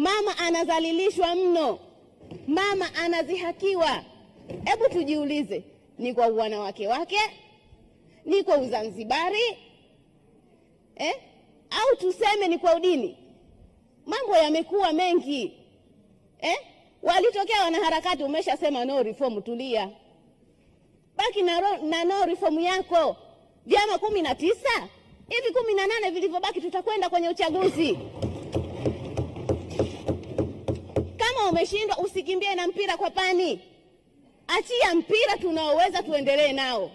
Mama anazalilishwa mno, mama anazihakiwa Hebu tujiulize, ni kwa wanawake wake? Ni kwa Uzanzibari eh? Au tuseme ni kwa udini? Mambo yamekuwa mengi eh? Walitokea wanaharakati, umeshasema no reform, tulia, baki na, na no reform yako. Vyama kumi na tisa hivi kumi na nane vilivyobaki, tutakwenda kwenye uchaguzi. umeshindwa, usikimbie na mpira kwa pani, achia mpira tunaoweza, tuendelee nao.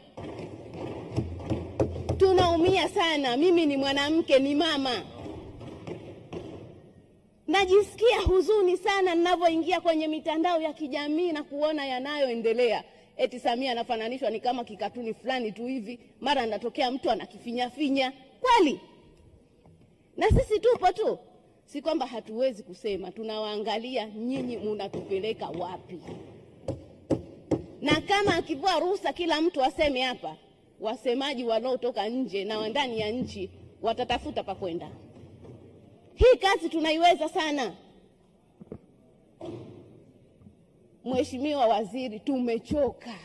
Tunaumia sana. Mimi ni mwanamke, ni mama, najisikia huzuni sana ninavyoingia kwenye mitandao ya kijamii na kuona yanayoendelea. Eti Samia anafananishwa ni kama kikatuni fulani tu hivi, mara anatokea mtu anakifinyafinya. Kweli na sisi tupo tu si kwamba hatuwezi kusema, tunawaangalia nyinyi munatupeleka wapi. Na kama akivua ruhusa kila mtu aseme hapa, wasemaji wanaotoka nje na ndani ya nchi watatafuta pa kwenda. Hii kazi tunaiweza sana. Mheshimiwa Waziri, tumechoka.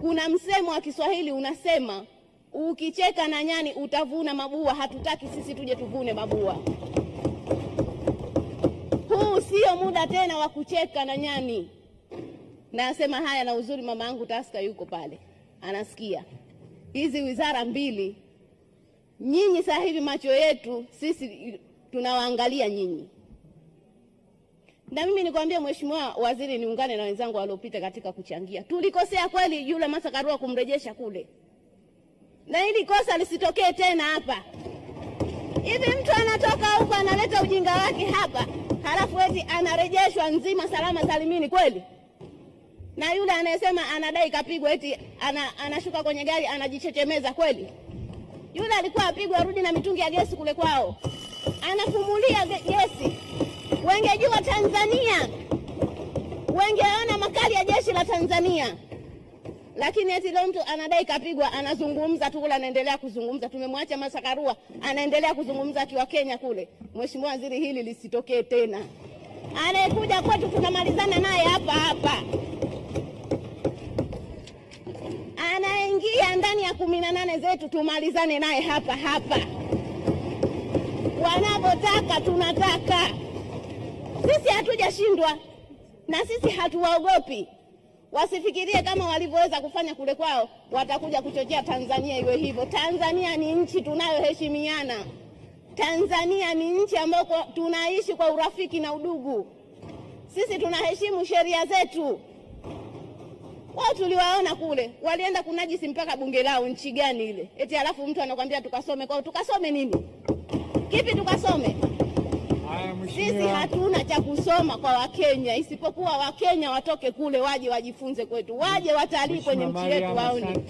Kuna msemo wa Kiswahili unasema, ukicheka na nyani utavuna mabua. Hatutaki sisi tuje tuvune mabua sio muda tena wa kucheka na nyani. Nasema haya na uzuri, mama yangu Taska yuko pale anasikia. Hizi wizara mbili, nyinyi sasa hivi macho yetu sisi tunawaangalia nyinyi, na mimi nikwambia, Mheshimiwa Waziri, niungane na wenzangu waliopita katika kuchangia. Tulikosea kweli yule masakarua Karua kumrejesha kule, na ili kosa lisitokee tena hapa. Hivi mtu anatoka huko analeta ujinga wake hapa, halafu eti anarejeshwa nzima salama salimini kweli? Na yule anayesema anadai kapigwa, eti ana, anashuka kwenye gari anajichechemeza kweli? Yule alikuwa apigwa arudi na mitungi ya gesi kule kwao, anafumulia gesi. Wengejua Tanzania, wengeona makali ya jeshi la Tanzania lakini eti leo mtu anadai kapigwa, anazungumza tu kule, anaendelea kuzungumza. Tumemwacha Masakarua anaendelea kuzungumza akiwa Kenya kule. Mheshimiwa Waziri, hili lisitokee tena. Anayekuja kwetu tunamalizana naye hapa hapa, anaingia ndani ya kumi na nane zetu tumalizane naye hapa hapa. Wanavyotaka tunataka sisi, hatujashindwa na sisi hatuwaogopi. Wasifikirie kama walivyoweza kufanya kule kwao, watakuja kuchochea Tanzania iwe hivyo. Tanzania ni nchi tunayoheshimiana. Tanzania ni nchi ambayo tunaishi kwa urafiki na udugu. Sisi tunaheshimu sheria zetu. Wao tuliwaona kule walienda kunajisi mpaka bunge lao, nchi gani ile? Eti alafu mtu anakwambia tukasome kwao. Tukasome nini? Kipi tukasome? Sisi hatuna cha kusoma kwa Wakenya, isipokuwa Wakenya watoke kule waje wajifunze kwetu, waje watalii kwenye nchi yetu waone.